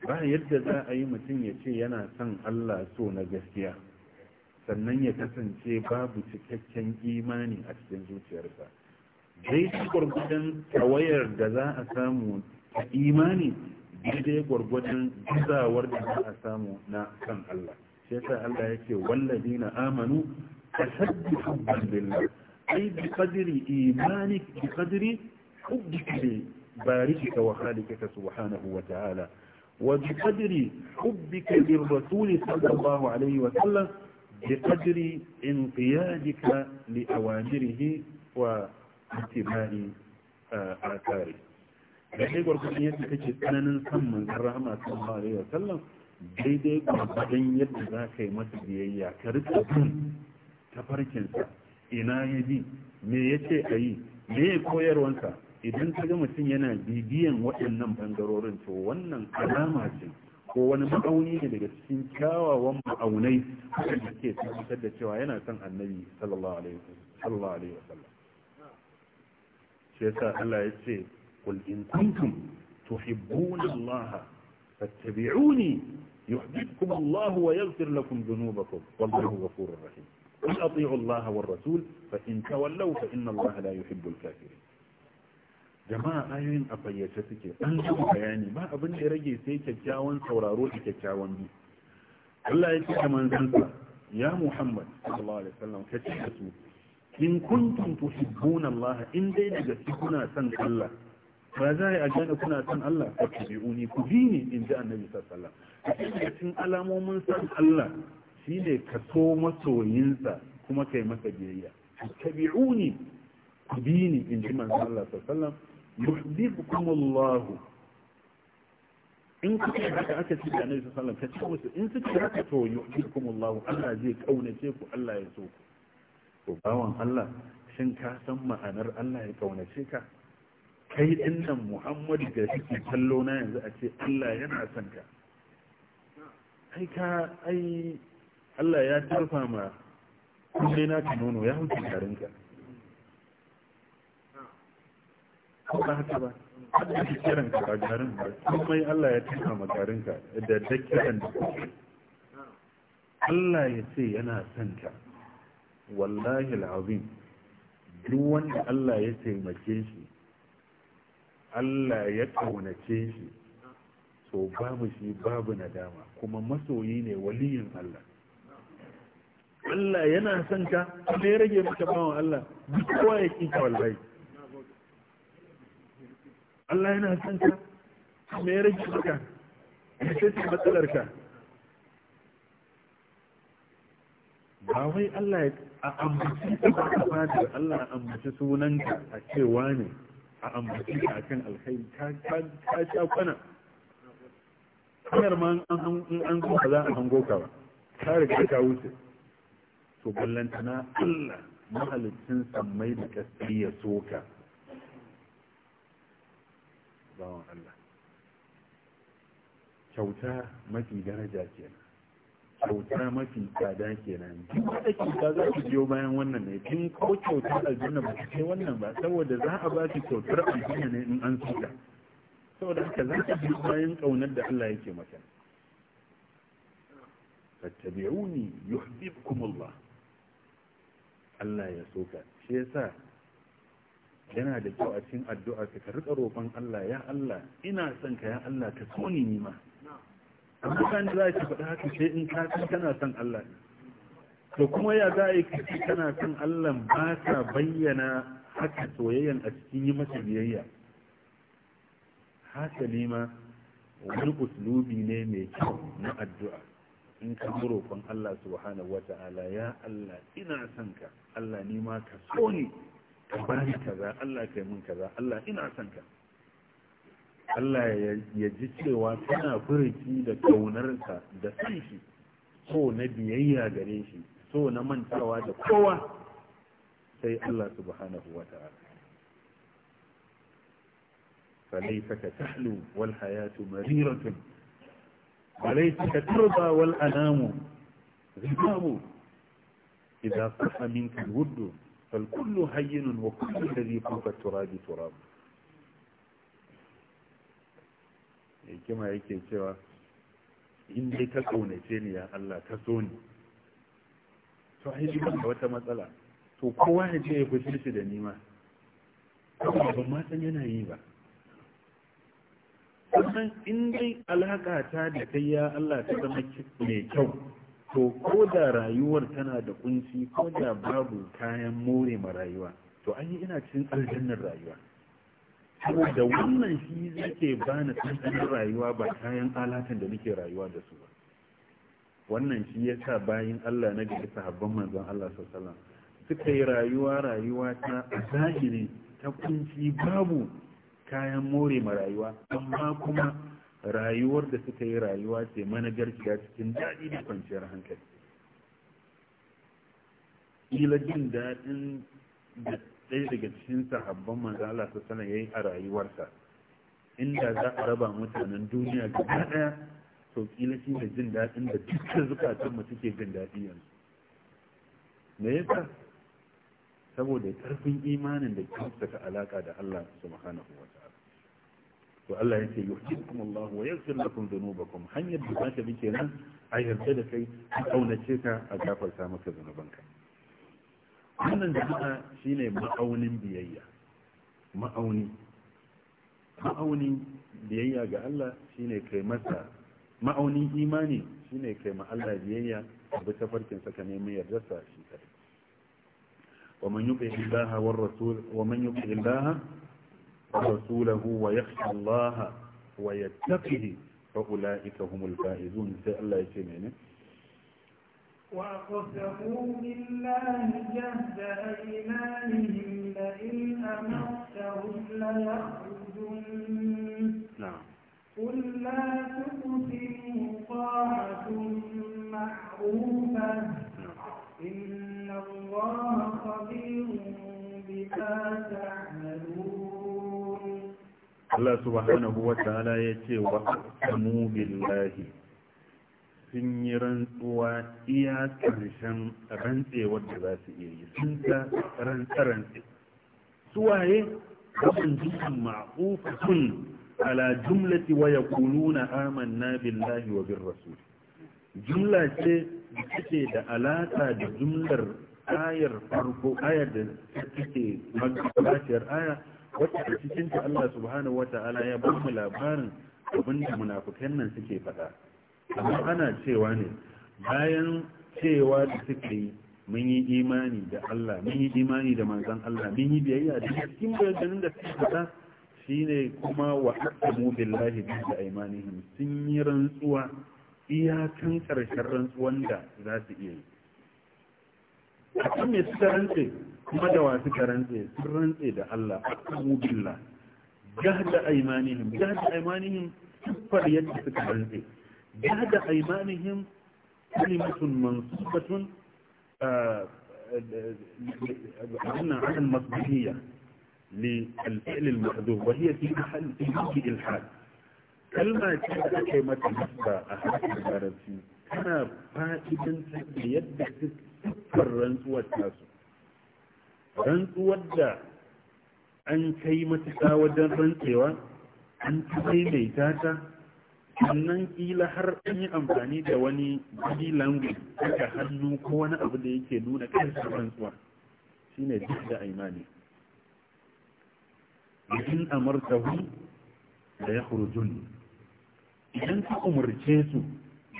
ba yadda za a yi mutum ya ce yana son Allah so na gaskiya sannan ya kasance babu cikakken imani a cikin zuciyarsa daidai gwargwadon tawayar da za a samu a imani daidai gwargwadon gizawar da za a samu na kan Allah shi yasa Allah yake wallazi na amanu ashaddu hubban billah ai bi qadri imanik bi qadri hubbika li barikika wa khaliqika subhanahu wa ta'ala wa bi qadri hubbika lirrasul sallallahu alayhi wa sallam bi qadri inqiyadika li awamirihi wa ittiba'i akari ne gwargwadon yadda kake tsananin san manzon rahama sallallahu alaihi wasallam daidai gwargwadon yadda za ka yi masa biyayya ka rika bin sa ina ya bi me yace ce a yi me ya koyarwansa idan ka ga mutum yana bibiyan waɗannan bangarorin to wannan alama ce ko wani ma'auni ne daga cikin kyawawan ma'aunai da ke tabbatar da cewa yana son annabi sallallahu alaihi wasallam shi yasa Allah ya ce qul in kuntum tuhibbuna fattabi'uni yuhibbukum Allah wa yaghfir lakum dhunubakum wallahu ghafurur rahim قل أطيعوا الله والرسول فإن تولوا فإن الله لا يحب الكافرين jama'a ayoyin a fayyace suke an gama bayani ba abin da ya rage sai kyakkyawan sauraro da kyakkyawan bi Allah ya ce da manzansa ya Muhammad sallallahu alaihi wasallam ka ce da su in kuntum tuhibbuna Allah in dai daga kuna son Allah ba za a gane kuna son Allah ka tabi'uni ku bi ni in ji annabi sallallahu alaihi wasallam cikin alamomin son Allah shine ka so masoyinsa kuma kai masa biyayya tabi'uni ku bi ni in ji manzo Allah sallallahu alaihi wasallam Allah in kuka haka aka ce da annabi sallallahu alaihi wasallam ka ce musu in suka haka to yuhibbukum Allah Allah zai kaunace ku Allah ya so ku to bawan Allah shin ka san ma'anar Allah ya kaunace ka kai din nan Muhammadu da kake kallo na yanzu a ce Allah yana son ka ai ka ai Allah ya tarfa ma kullai na ka nono ya hutu garin ka ko ba haka ba Allah ya kiran ka garin ba komai Allah ya tarfa ma garin ka da dakkiran da Allah ya ce yana son ka wallahi al'azim duk wanda Allah ya taimake shi Allah ya ƙaunace shi so babu shi babu nadama kuma masoyi ne waliyin Allah Allah yana son ka kuma ya rage maka bawan Allah duk kowa ya ki ka wallahi Allah yana son ka kuma ya rage maka ya ce matsalar ka wai Allah ya a ambaci ka ba fadar Allah ambaci sunanka a cewa ne a ambaci ka akan alkhairi ka sha kwana kamar ma an zo ba za a hango ka ba ka riga ka wuce to ballantana Allah mahalicin sammai da kasai ya soka bawan Allah kyauta mafi daraja kenan kyauta mafi tsada kenan kin da kyauta za ki biyo bayan wannan ne kin ko kyautar aljanna ba kai wannan ba saboda za a ba ki kyautar aljanna ne in an suka saboda haka za ki biyo bayan kaunar da Allah yake maka fattabi'uni yuhibbukumullah Allah ya soka shi yasa yana da kyau a cikin addu'a ka rika roƙon Allah ya Allah ina son ka ya Allah ka so ni ma amma za ki faɗi haka sai in ka san kana son Allah ne to kuma ya za a kace kana son Allah ba ta bayyana haka soyayyan a cikin yi masa biyayya hasali ma wani uslubi ne mai kyau na addu'a in ka bi roƙon Allah subhanahu Ta'ala, ya Allah ina son ka Allah ni ma ka so ne, ka bani kaza Allah kai mun kaza Allah ina son ka Allah ya ji cewa tana furuci da kaunarsa da sanshi so na biyayya gare shi so na mantawa da kowa sai Allah subhanahu wa ta'ala ka tahlu wal hayatu mariratun ka turba wal anamu zibamu idza qafa minka al fal kullu hayyun wa kullu ladhi fawqa turabi hikima yake cewa in dai ka kaunace ni ya Allah ka so ni to ai duk da wata matsala to kowa ya ce ya fushi shi da nima kuma ban ma san yana yi ba sannan in dai alaƙa ta da kai ya Allah ta zama mai kyau to ko da rayuwar tana da kunci ko da babu kayan more ma rayuwa to an yi ina cikin aljannar rayuwa da wannan shi yake bani tsananin rayuwa ba kayan alatan da nake rayuwa da su ba wannan shi ya sa bayin Allah na gari sahabban manzon Allah sallallahu suka yi rayuwa rayuwa ta zahiri ta kunci babu kayan more ma rayuwa amma kuma rayuwar da suka yi rayuwa ce shiga cikin daɗi da kwanciyar hankali ila jin daɗin da ɗaya daga cikin sahabban manzo Allah ta sana yayi a rayuwarsa inda za a raba mutanen duniya gaba ɗaya to kila shi ne jin daɗin da dukkan zukatan mu suke jin daɗi yanzu me yasa saboda ƙarfin imanin da ke ta alaka da Allah subhanahu wa ta'ala to Allah yake yuhibbukum Allah wa yaghfir lakum dhunubakum hanyar da zaka bi kenan a yarda da kai a kaunace ka a gafarta maka zunubanka wannan jama'a shine ma'aunin biyayya ma'auni ma'auni biyayya ga Allah shine kai masa ma'aunin imani shine kai ma Allah biyayya abu ta farkin saka ne mai yarda sa shi kai wa man yuqi illaha war rasul wa man yuqi illaha wa rasulahu wa yakhsha Allah wa yattaqihi fa ulaika humul faizun sai Allah ya ce mene وَأَقْسَمُوا بِاللَّهِ جَهْدَ أَيْمَانِهِمْ لَئِنْ أَمَرْتَهُمْ لَيَخْرُجُنَّ نعم قُل لَّا تُقْسِمُوا طَاعَةٌ مَّعْرُوفَةٌ نعم. إِنَّ اللَّهَ خَبِيرٌ بِمَا تَعْمَلُونَ الله سبحانه وتعالى يتي وأقسموا بالله sun yi rantsuwa iya ƙarshen rantsewar da za su iya yi sun ta rantsarantse suwaye rabin jikin ma'ufatun ala jumlati wa ya kuluna amanna billahi wa bin rasul jumla ce da take da alaƙa da jumlar ayar farko ayar da take magabaciyar aya wacce a cikinta Allah subhanahu wa ta'ala ya ba mu labarin abinda munafukan nan suke faɗa amma ana cewa ne bayan cewa da suka yi mun yi imani da Allah mun yi imani da manzan Allah mun yi biyayya da cikin bayanan da suka shi ne kuma wa aqamu billahi bi aymanihim sun yi rantsuwa iyakan karshen rantsuwan da za su iya yi kan me suka rantse kuma da wa suka rantse sun rantse da Allah aqamu billah jahda aymanihim jahda aymanihim tuffar yadda suka rantse بعد أيمانهم كلمة منصوبة آه، آه، آه، عن المصدرية للفعل المحذوف وهي في محل في محل الحال كلمة كلمة نسبة أحد العربي كان فائدا يد سكر رنسوة تاسو رنسوة دا أن كلمة تاودا رنسوة أيوة. أن تميميتاتا sannan kila har an yi amfani da wani body language daga hannu ko wani abu da yake nuna kansa rantsuwa shine duk da aimani in amartahu da ya hurjun idan ka umarce su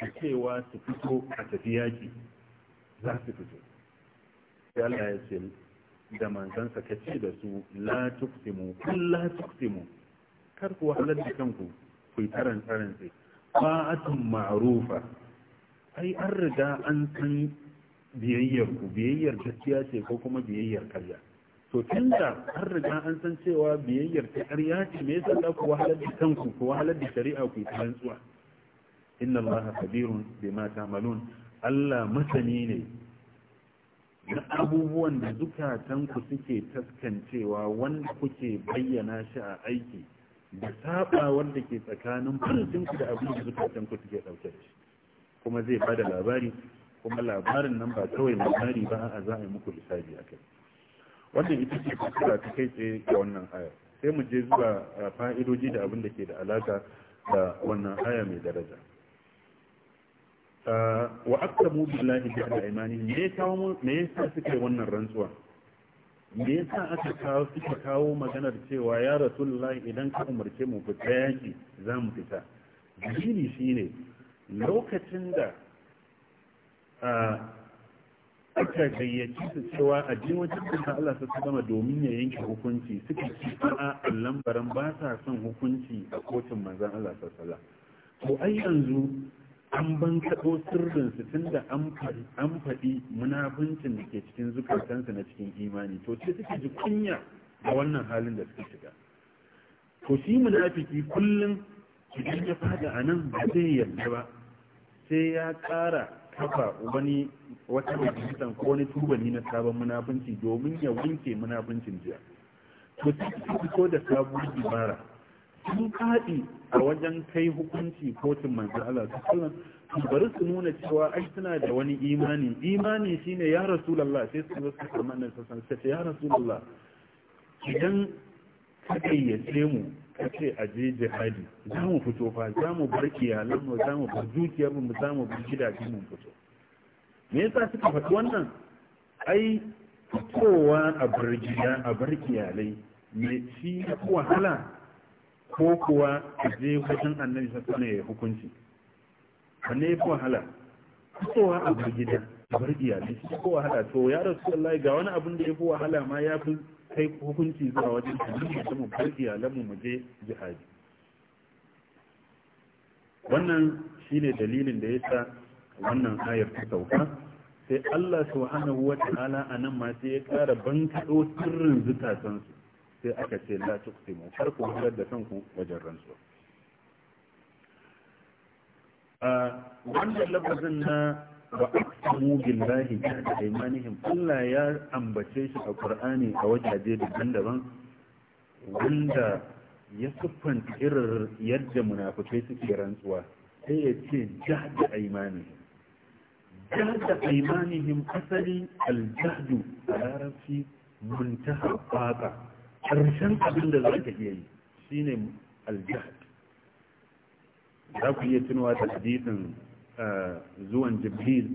da cewa su fito a tafiya ki za su fito sai Allah ya ce da manzansa ka ce da su la tuqsimu kun la tuqsimu kar ku wahalar da kanku ku yi sai fa'atun ma'rufa ai an riga an san biyayyar ku biyayyar gaskiya ce ko kuma biyayyar karya to tunda an riga an san cewa biyayyar ta karya ce me yasa za ku wahalar da kanku ku wahalar da shari'a ku yi rantsuwa inna allaha kabirun bima ta'malun Allah masani ne na abubuwan da zukatanku suke taskancewa wanda kuke bayyana shi a aiki da saba wanda ke tsakanin farcinku da abin da zukatanku suke ɗauke da shi kuma zai bada labari kuma labarin nan ba kawai labari ba a za a yi muku lissafi a kai wannan ita ce fasira ta kai tsaye ga wannan aya sai mu je zuwa fa'idoji da abin da ke da alaka da wannan aya mai daraja wa aqsamu billahi bi al-aymani me ya sa suka yi wannan rantsuwa me yasa aka kawo suka kawo maganar cewa ya rasulullah idan ka umarce mu fita yaki za mu fita dalili shine lokacin da aka gayyaci su cewa a ji wajen Allah su su gama domin ya yanke hukunci suka ci sa'a lambaran ba sa son hukunci a kotun manzan Allah sassala to ai yanzu an ban kaɗo sirrinsu tun da an faɗi munafuncin da ke cikin zukatansu na cikin imani to ce suke ji kunya a wannan halin da suka shiga to shi munafiki kullum idan ya fada a nan ba zai yarda ba sai ya ƙara kafa wani wata majalisar ko wani tubali na sabon munafunci domin ya wanke munafuncin jiya to sai fito da sabuwar ibara sun kaɗi a wajen kai hukunci kotun manzo Allah sallallahu bari su nuna cewa ai suna da wani imani imani shine ya rasulullah sai su zo su kama annabi sallallahu alaihi wasallam ya rasulullah idan ka kayyace mu ka ce a je jihadi za mu fito fa za mu bar iyalan mu za mu bar dukiyar mu za mu bar gidajen mu fito me yasa suka faɗi wannan ai fitowa a bar gida a bar iyalai me shi wahala ko kuwa ka je wajen annabi sa sana ya hukunci wanne ya fi wahala fitowa a bar gida bar iyali shi ko wahala to ya rasu Allah ga wani abin da ya fi wahala ma ya fi kai hukunci zuwa wajen annabi ta mu bar iyalanmu mu je jihadi wannan shine dalilin da yasa wannan ayar ta sauka sai Allah subhanahu wa ta'ala anan ma sai ya kara bankaɗo sirrin zukatansu sai aka ce la tuqsimu farko ku da kanku wajen rantsuwa a wannan lafazin na wa aqsimu billahi ta aymanihim Allah ya ambace shi a Qur'ani a wajaje daban-daban wanda ya siffanta irin yadda munafikai suke rantsuwa sai ya ce jahdi aymanihim jahda aymanihim asali aljahdu a larabci muntaha baqa harshen abin da za ka iya yi shi تحديدا aljihad جبريل كما iya tunuwa الله hadisin zuwan jibril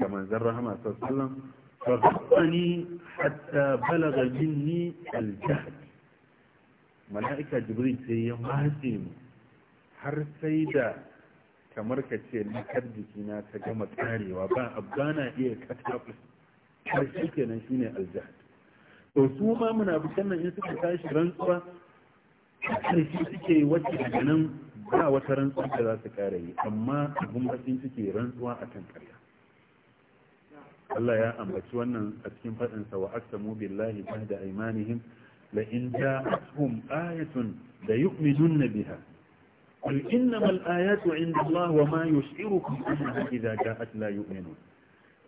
ga manzan فغطني حتى بلغ مني الجهد ملائكة جبريل سي يمازم هر سيدة كمركة سي لكد جنا تجمع تاري وبا أبانا إيه كتاب هر سيكي نشيني الجهد to su ma munafikan nan in suka tashi rantsuwa karshe suke wacce daga nan ba wata rantsuwa da za su kare yi amma abin bakin suke rantsuwa a kan karya Allah ya ambaci wannan a cikin faɗinsa wa aqsamu billahi ba'da aymanihim la in ja'atuhum ayatun la yu'minunna biha قل إنما الآيات عند الله وما يشعركم أنها إذا جاءت لا يؤمنون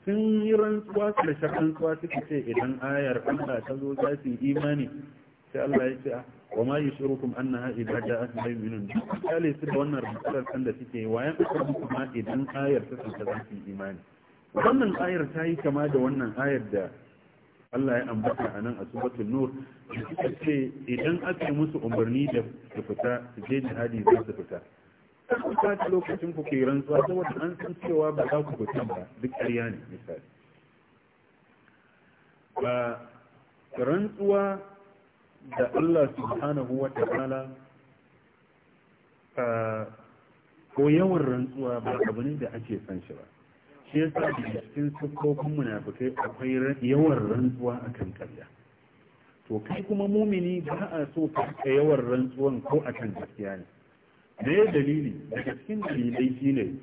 sun yi rantsuwa su da sharantsuwa suka ce idan ayar Allah ta zo za su yi imani sai Allah ya ce wa ma yushirukum annaha idza ja'at la yu'minun kale su da wannan rantsuwar kan da suke wayan kuma kuma idan ayar ta zo za su yi imani wannan ayar ta yi kama da wannan ayar da Allah ya ambata a nan a subatul nur da suka ce idan aka yi musu umarni da su fita su je jihadi za su fita ta lokacin ku ke rantsuwa saboda an san cewa ba za ku fita ba duk ƙarya ne misali ba rantsuwa da Allah subhanahu wa ta'ala ko yawan rantsuwa ba abu ne da ake san shi ba shi sa da cikin sukkokin munafikai akwai yawan rantsuwa akan ƙarya to kai kuma mumini ba a so ka yawan rantsuwan ko akan gaskiya ne da ya dalili daga cikin dalilai shine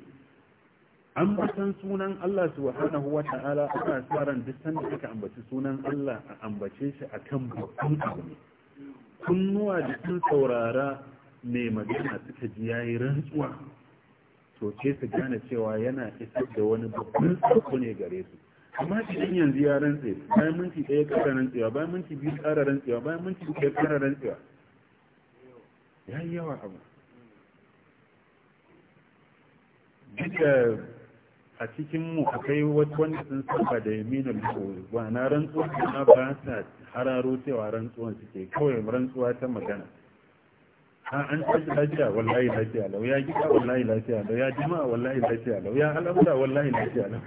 an batan sunan Allah subhanahu wa ta'ala ana tsaron duk sanda suka ambaci sunan Allah a ambace shi kan babban abu ne kunnuwa da sun saurara ne magana suka ji yayi rantsuwa to ce su gane cewa yana isar da wani babban sako ne gare su amma idan yanzu ya rantse bayan minti ɗaya ƙara rantsewa bayan minti biyu ƙara rantsewa bayan minti uku ƙara rantsewa ya yi yawa abu duka a cikin mu akwai wanda sun saba da yamina ko ba na rantsuwa na ba sa hararo cewa rantsuwan suke kawai rantsuwa ta magana ha an tashi lafiya wallahi lafiya lau ya gida wallahi lafiya lau ya jima'a wallahi lafiya lau ya al'amura wallahi lafiya lau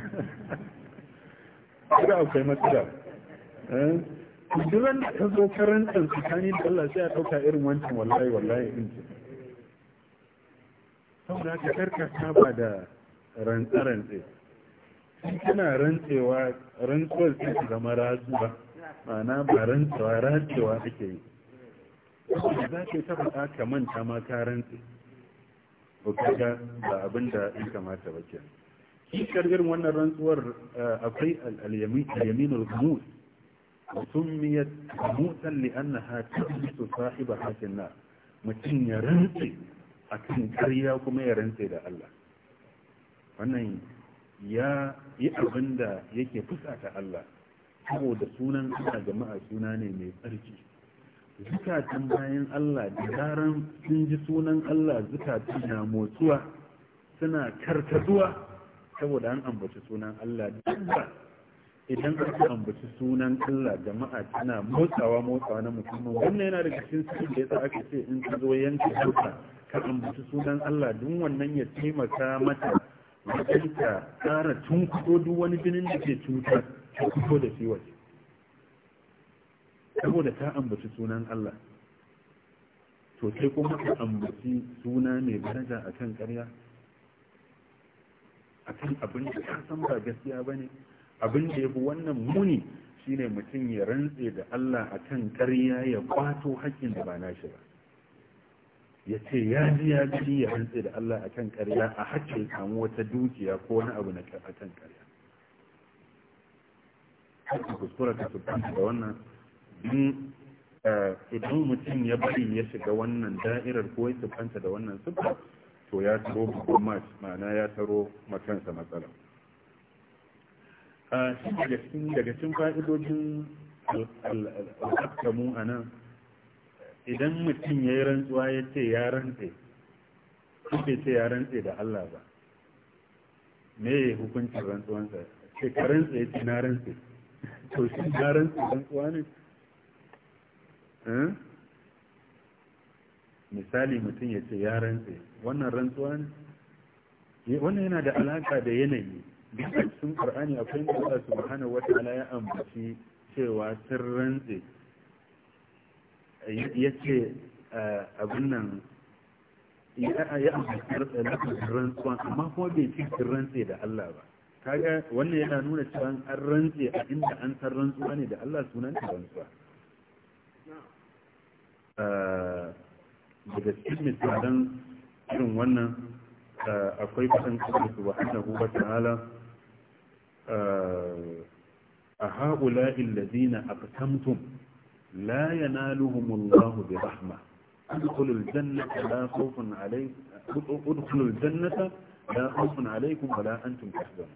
kuma akwai matsala kuduran eh? da ta zo karantar tsakanin da Allah sai a ɗauka irin wancan wallahi wallahi ɗin ce saboda ka karkata ba da rantsarantse sun kana rantsewa rantsuwar sai su zama razuwa ma'ana ba rantsewa rantsewa ake yi saboda za ka yi ta faɗa ka manta ma ka rantse ba kaga ba abin da ya kamata ba ke. shi kargar wannan rantsuwar eh, akwai al-yamin al-ghumus summiyat gumusan li annaha tabtu sahiba hatin na mutum ya rantse a kan ƙarya kuma ya rantse da Allah wannan ya yi abin da yake fusata Allah saboda sunan ana jama'a suna ne mai tsarki zukatan bayan Allah da zaran sun ji sunan Allah zukatan na motsuwa suna karkatuwa saboda an ambaci sunan Allah da idan aka ambaci sunan Allah jama'a tana motsawa motsawa na musamman wannan yana da cikin sirri da sa aka ce in ka zo yanke dabba ka ambaci sunan Allah duk wannan ya taimaka mata wajen ta tun kudo duk wani jinin da ke cuta, ta fito da shi waje saboda ta ambaci sunan Allah to sai kuma ka ambaci suna mai daraja akan a akan abin da ka san ba gaskiya ba ne. abin da ya yafi wannan muni shine mutum ya rantse da Allah akan karya ya kwato haƙƙin da ba shi ba ya ce ya ji ya gani ya hantsi da Allah a kan ƙarya a hakkin samu wata dukiya ko wani abu na a kan ƙarya haka kuskura ka tukunta da wannan eh, idan mutum ya bari ya shiga wannan da'irar ko ya tukunta da wannan siffa to ya taro babban ma'ana ya taro makansa matsala ah, shi daga cikin fa'idojin al'akamu a nan idan mutum ya yi rantsuwa ya ce ya rantse bai ce ya rantse da Allah ba me ya hukuncin rantsuwansa ce ka rantse ya ce na rantse to shi na rantse rantsuwa ne eh? misali mutum ya ce ya rantse wannan rantsuwa ne eh, wannan yana da alaka da yanayi duk cikin ƙar'ani akwai inda Allah subhanahu ta'ala ya ambaci cewa sun rantse ya ce eh, abin nan ya amfani rantsuwan amma kuma bai ci rantse da Allah ba kaga wannan yana nuna cewa an rantse a inda an san rantsuwa ne da Allah sunan ta rantsuwa eh, daga cikin misalan irin wannan eh, akwai kusan kuma subhanahu wa ta'ala a haula illazina aqtamtum لا ينالهم الله برحمة ادخلوا الجنة لا خوف عليكم ادخلوا الجنة لا خوف عليكم ولا أنتم تحزنون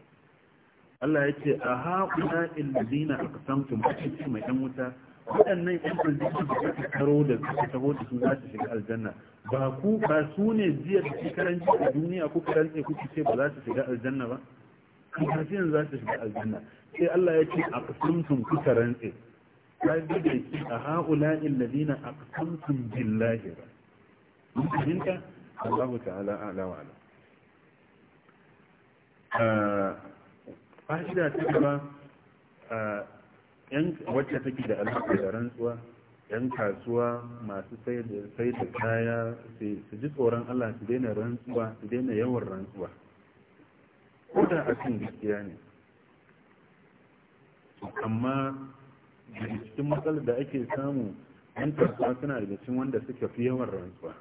Allah ya ce a haƙuna illazina a kasamtum a cikin mai ɗan wuta waɗannan 'yan aljanna da suka karo da suka taho da su za su shiga aljanna ba ku ba su ne jiya da su karanci a duniya ku karanci ku ce ba za su shiga aljanna ba kan yanzu za su shiga aljanna sai Allah ya ce a kasamtum ku karanci ta da ki a ha'ula illazina aqsamtum billahi ba mun Allah ta'ala ala wa ala ah, fa'ida ta gaba ah, yan wacce take da alaƙa da rantsuwa yan kasuwa masu sai da kaya su ji tsoron Allah su daina rantsuwa su daina yawan rantsuwa ko da akan gaskiya ne amma daga cikin matsalar da ake samu yan kasuwa suna daga cikin wanda suka fi yawan rantsuwa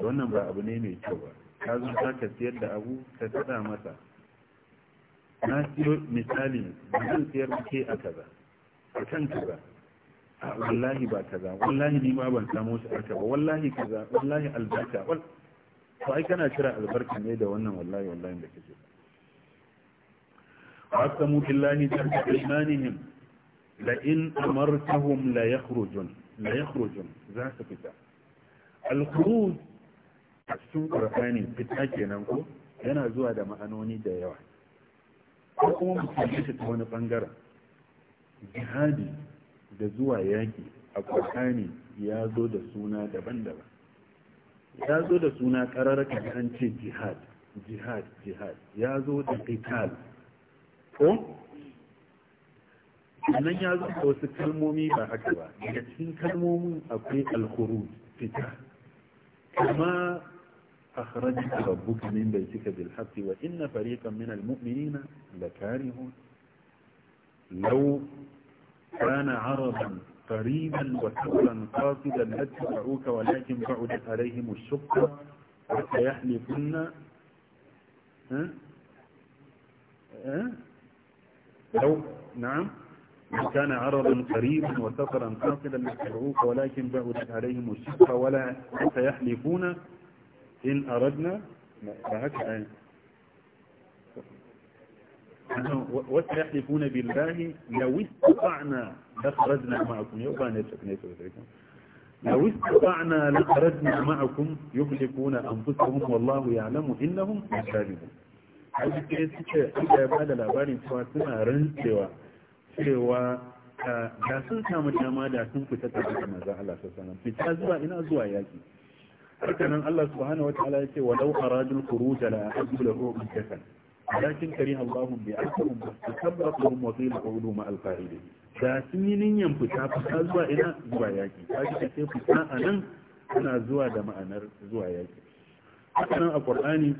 wannan ba abu ne mai kyau ba ka zo ta ka siyar da abu ka tada masa na siyo misali ba zan siyar ke a kaza a kan kaza a wallahi ba kaza wallahi ni ma ban samu shi aka ba wallahi kaza wallahi albarka wal to ai kana kira albarka ne da wannan wallahi wallahi da kake ba wa asamu billahi jahda imanihim la'in amartahum la yakhrujun la za su fita Alkuru a cikin ƙarfani fita kenan ko yana zuwa da ma'anoni da yawa ko kuma mutum ta wani ɓangaren? jihadi da zuwa yaki a qur'ani ya zo da suna daban-daban ya zo da suna kararraka da an ce jihad jihad jihad ya zo da qital ko sannan ya zo da wasu kalmomi ba haka ba daga cikin kalmomin akwai alkhuruj fita kama akhrajaka rabbuka min baytika bil haqqi wa inna fariqan min al mu'minina lakarihun law kana araban قريبا وسهلا قاصدا لاتبعوك ولكن بعدت عليهم الشقة وسيحلفن لو نعم وكان نعم. عرضا قريبا وسفرا قاصدا يتبعوك ولكن بعدت عليهم الشقة ولا حتى يحلفون إن أردنا فهكذا وسيحلفون بالله لو استطعنا لخرجنا معكم يوبان يتكنيتكم لو استطعنا لخرجنا معكم يهلكون أنفسهم والله يعلم إنهم لكاذبون هذه كيسة إذا بعد الأبار سوى سنة سواء cewa ah, da sun samu dama da sun fita ta da manzon Allah sanar fita zuwa ina zuwa yaki haka nan Allah wata wataala ya ce wa walau kuru da la adu lahu mutakan lakin kariha kari bi akum fastabrahum wa qila qulu ma al-qa'idin da sun yi niyyar fita fita zuwa ina zuwa yaki kaji ce fita anan ana zuwa da ma'anar zuwa yaki haka nan a Qur'ani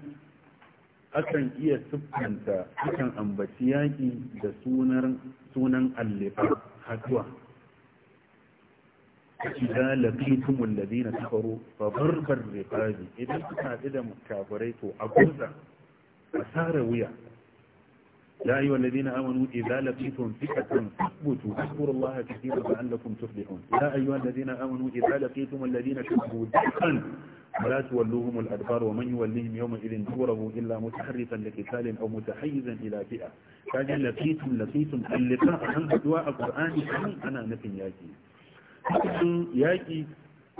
akan iya siffanta akan ambaci yaƙi da sunan. sunan alifa haduwa kashi da lafitun wallazi na tafaro babbar rifazi idan suka haɗu da mutakwarai to a gurza a wuya يا أيها الذين آمنوا إذا لقيتم فئة فاثبتوا اذكروا الله كثيرا لعلكم تفلحون يا أيها الذين آمنوا إذا لقيتم الذين كفروا دحقا فلا تولوهم الأدبار ومن يوليهم يومئذ دبره إلا متحرفا لقتال أو متحيزا إلى فئة كان لقيتم لقيتم اللقاء عن أدواء القرآن أنا نفي ياكي ياكي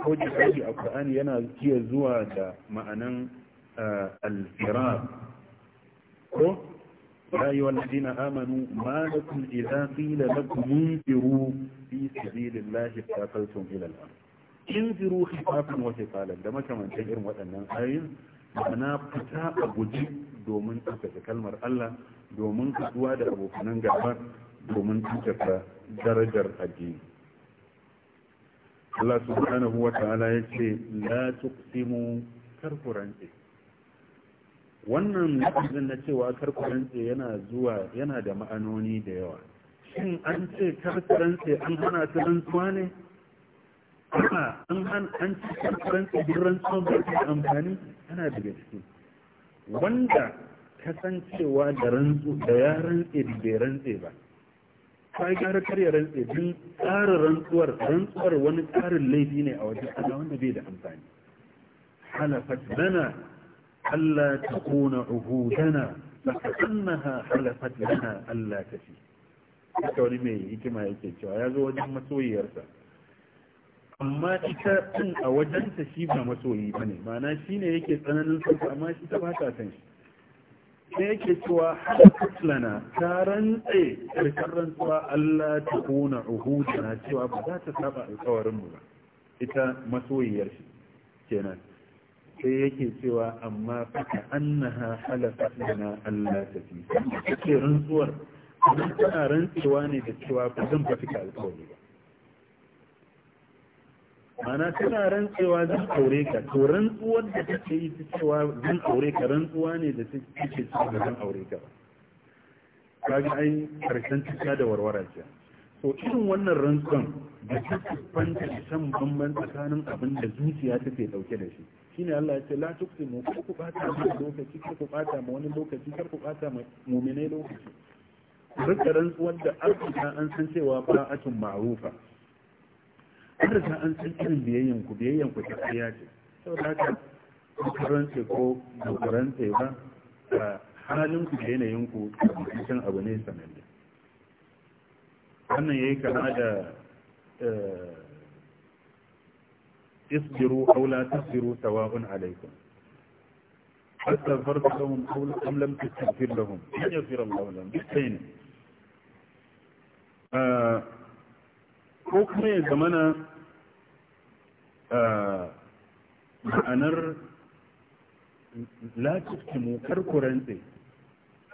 wajen aiki a ƙa'ani yana iya zuwa da ma'anan alfirar ko يا أيها الذين آمنوا ما لكم إذا قيل لكم انفروا في سبيل الله اثاقلتم إلى الأرض انفروا خفافا وثقالا لما كمان تجر وأنا آيين ma'ana fita a guji domin tsarkake kalmar Allah domin kaduwa da abokanan gaba domin tsarkaka darajar addini Allah subhanahu wa ta'ala yace la tuqsimu karkuranci wannan lafazin na cewa karkurance yana zuwa yana da ma'anoni da yawa shin an ce karkurance an hana ta rantsuwa ne kuma an ce karkurance duk rantsuwa ba ta amfani yana da gaske wanda kasancewa da rantsu da ya rantse da bai rantse ba yi gara karya rantse din tsarin rantsuwar rantsuwar wani tsarin laifi ne a wajen Allah wanda bai da amfani halafat lana ألا تكون عهودنا فكأنها حلفت لنا ألا تفي ita wani mai hikima yake cewa ya zo wajen masoyiyarsa amma ita ɗin a wajenta shi ba masoyi ba ne mana shi ne yake tsananin sauka amma shi ta bata san shi sai yake cewa hada kutlana ta rantse ƙarshen rantsuwa Allah ta kona uhudana cewa ba za ta saba mu ba ita masoyiyar shi kenan sai yake cewa amma faka annaha halafat lana Allah ta fi take rantsuwar kuma tana rantsuwa ne da cewa ba zan fa fika alƙawari ba mana tana rantsuwa zan aure ka to rantsuwar da take yi ta cewa zan aure ka rantsuwa ne da take cewa zan aure ka ba kaga ai karshen cika da warwara ce to irin wannan rantsuwan da ta fanta da san bamban tsakanin abin da zuciya take dauke da shi shine Allah ya ce la tuqsimu kar ku bata mu lokaci kar ku bata mu wani lokaci kar ku bata mu mu'minai lokaci rika rantsuwar da arzika an san cewa ba'atun ma'rufa arzika an san irin biyayyan ku biyayyan ku ta tsaya ce saboda haka ku rantse ko ku rantse ba halin ku da yanayin ku cikin abu ne sananne wannan yayi kama da eh, اصبروا أو لا تصبروا سواء عليكم استغفرت لهم أم لم تستغفر لهم لن يغفر الله لهم بالحين ko kuma ya zamana ma'anar latifkimu karkurance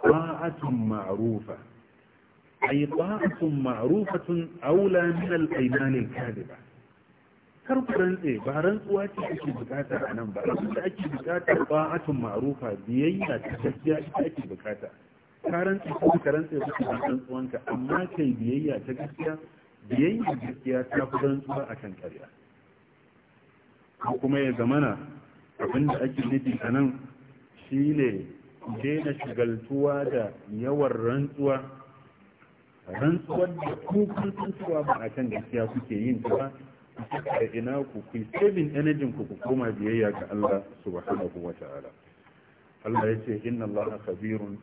ta'atun ma'rufa ay ta'atun ma'rufatun aula min al-ayman al-kadhiba kar ku rantse ba rantsuwa ce ake bukata a nan ba abin da ake bukata ba atun ma'rufa biyayya ta gaskiya ita ake bukata ka rantse ko ka rantse ba ka rantsuwanka amma kai biyayya ta gaskiya biyayya gaskiya ta fi rantsuwa a kan karya ko kuma ya zamana abin da ake nufi a nan shine daina shigaltuwa da yawan rantsuwa rantsuwar da rantsuwa ba a kan gaskiya kuke yin ta ba a ina ku Kun saving energy ku ku koma biyayya ga Allah subhanahu wa ta'ala Allah ya ce inna Allah khabirun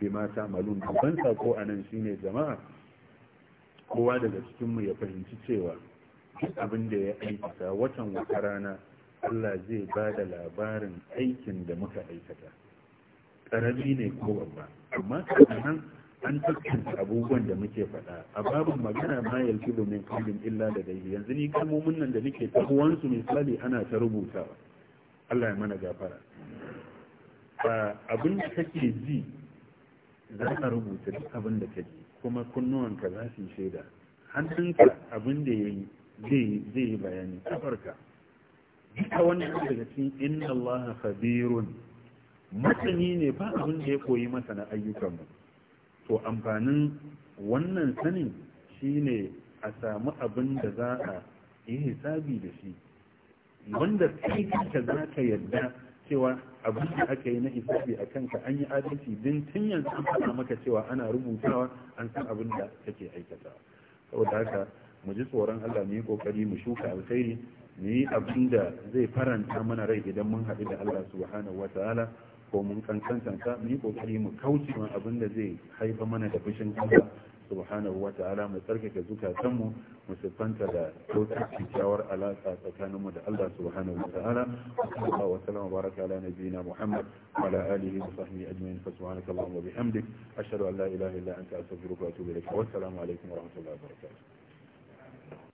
bima ta'malun ban sako anan shine jama'a kowa daga cikin mu ya fahimci cewa duk abin da ya aikata watan wata rana Allah zai ba da labarin aikin da muka aikata ƙarami ne ko babba amma nan. an tattanta abubuwan da muke faɗa a babin magana ma yalfi domin kalbin illa da dai yanzu ni kalmomin nan da nake tahuwansu misali ana ta rubutawa Allah ya mana gafara ba abin da kake ji za ka rubuta duk abin da kake kuma kunnuwanka za su yi shaida hannunka abin da ya yi zai yi bayani kafarka duka wannan daga cikin inna Allah khabirun masani ne ba abin da ya koyi masa na ayyukan mu to amfanin wannan sanin shine a samu abin da za a yi hisabi da shi wanda kai kanka za ka yarda cewa abin da aka yi na hisabi a kanka an yi adalci din tun yanzu an faɗa maka cewa ana rubutawa an san abin da kake aikatawa saboda haka mu ji tsoron Allah mu yi kokari mu shuka alkhairi mu yi abin da zai faranta mana rai idan mun haɗu da Allah subhanahu wataala ko mun kankantansa mu yi kokari mu kauce ma abin da zai haifa mana da fushin kanka subhanahu wa ta'ala mu tsarka ka tsarkake zukatanmu mu siffanta da kyautar kyakkyawar alaƙa tsakaninmu da Allah subhanahu wa ta'ala wa sallam wa baraka ala nabiyyina Muhammad wa ala alihi wa sahbihi ajma'in fa subhanaka allahumma wa bihamdik ashhadu an la ilaha illa anta astaghfiruka wa atubu ilaik wa assalamu alaikum wa rahmatullahi wa barakatuh